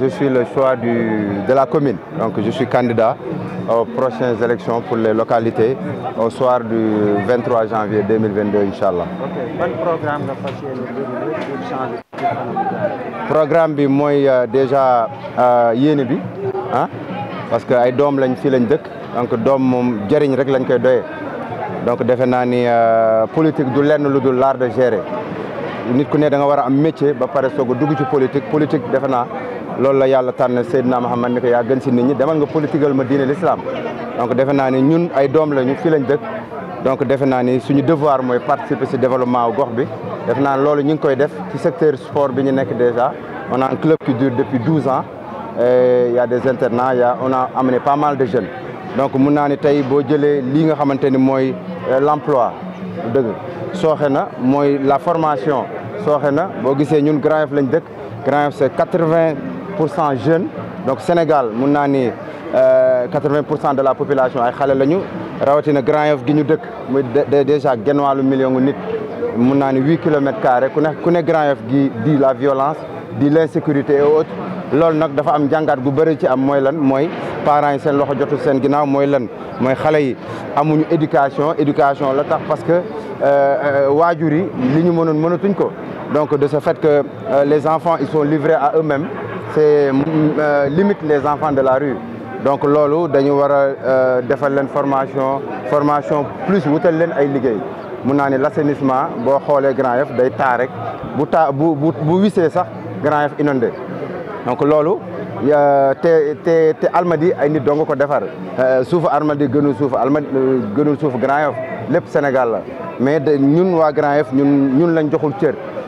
je suis le choix de la commune donc je suis candidat aux prochaines élections pour les localités au soir du 23 janvier 2022 Inshallah. Quel ok programme nga le programme bi est euh, déjà euh, yéene bi ah, parce que ay dom lañ hommes lañ dëkk donc doom moom jëriñ rek donc defe euh, politique du lenn l'art de gérer nit ku ne da nga war a am métier ba pare soog a dugg ci politique politique defe naa loolu la yàlla tànn Seydina Mouhamed ni ko yaa gën si nit ñi demal nga politiqueal ma diine l'islam donc defe naa ni ñun ay doom lañu fii lañ dëkk donc defe naa ni suñu devoir mooy participer si développement gox bi defe naa loolu ñu ngi koy def ci secteur sport bi ñu nekk déjà on a un club qui dure depuis 12 ans il y a des internats y a on a amené pas mal de jeunes donc mun naa ni tey boo jëlee lii nga xamante ni mooy euh, l'emploi dëgg sooxe na mooy la formation sooxe na boo gisee ñun Grand Yoff lañ dëkk Grand Yoff c'est quatre-vingt donc Sénégal mun naa 80% euh, de la population ay xale lañu rawatina Grand Yoff gi ñu dëkk muy déjà genn wàllu million nit mun naa ni huit kilomètres carrés ku ne ku ne Grand gi di la violence di l'insécurité et autres loolu nag dafa am jàngat gu bëri ci am mooy lan mooy parents yi seen loxo jotul seen ginnaaw mooy lan mooy xale yi amuñu éducation éducation la tax parce que euh, euh, waajur yi li ñu mënoon mënatuñ ko donc de ce fait que euh, les enfants ils sont livrés à eux-mêmes, c'est mm, mm, euh, limite les enfants de la rue. Donc loolu dañu wara a euh, defal leen formation formation plus wutal leen ay liguey. mun naa l'assainissement bo xolé Grand Yoff day tar rek bu bu bu bu sax Grand Yoff inondé donc loolu té té té Almadies ay nit dong ko euh souf Almadies gënul souf Almadies gënul souf Grand Yoff lépp Sénégal la mais ñun wa Grand Yoff ñun ñun lañ joxul cër.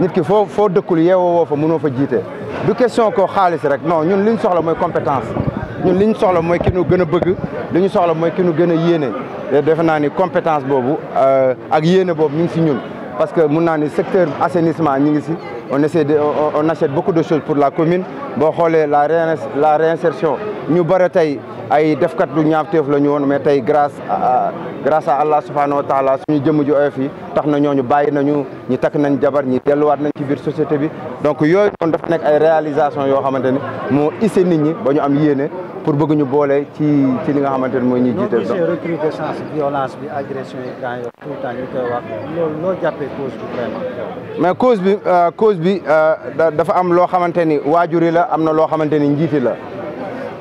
nit ki fo fo dëkkul yeewoo woo fa mënoo fa jiite du question ko xaalis rek non ñun liñ soxla mooy compétence ñun liñ soxla mooy ki ñu gën a bëgg li ñu soxla mooy ki ñu gën a yéene te defe naa ni compétence boobu euh, ak yéene boobu ñu ngi si ñun parce que mun naa ni secteur assainissement ñu ngi si on essaie de on achète beaucoup de choses pour la commune boo xoolee la la réinsertion ñu bëri tey ay def defkat du ñaawteef la ñu woon mais tey grace à grâce à Allah subhanahu wa taala suñu jëmm ju oyof yi tax na ñooñu bàyyi nañu ñi takk nañ jabar ñi delluwaat nañ ci biir société bi donc yooyu noonu dafa nekk ay réalisation yoo xamante ne moo isse nit ñi ba ñu am yéene pour bëgg ñu ci ci li nga xamante ne mooy ñuy jiite recrudescence violence bi agression yi grand yow tout le temps ñu koy wax loolu loo bi vraiment mais cause bi euh, cause bi euh, dafa am loo xamante ni waajuri la am na loo xamante ni njiiti la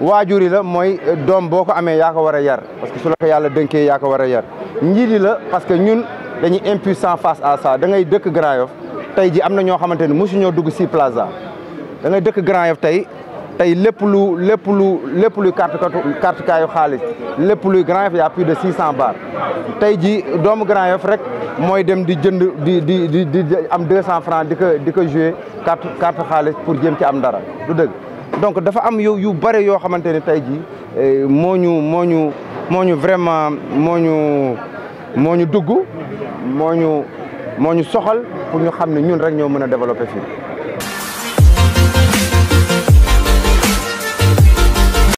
Wajuri la moy euh, dom boko amé amee wara yar parce que su la ko yàlla dënkee yaa ko yar njiit la parce que ñun dañuy impuissant face à ça da ngay dëkk Grand Yoff tay ji amna ño ñoo xamante ñoo dugg ci plaza da ngay dëkk Grand Yoff tay tay lépp lu lépp lu lépp luy carte carte kayu xaliss lépp luy Grand Yoff ya plus de 600 bars. bar tey ji dom Grand Yoff rek moy dem di jënd di di di am 200 francs di ko di ko jouer carte carte xaliss pour jëm ci am dara du deug donc dafa am yow yu bare yoo xamante ne tey jii eh, moo ñu moo ñu moo ñu vraiment moo ñu moo ñu dugg moo ñu moo ñu soxal pour ñu xam ne ñun rek ñoo mën a développer fii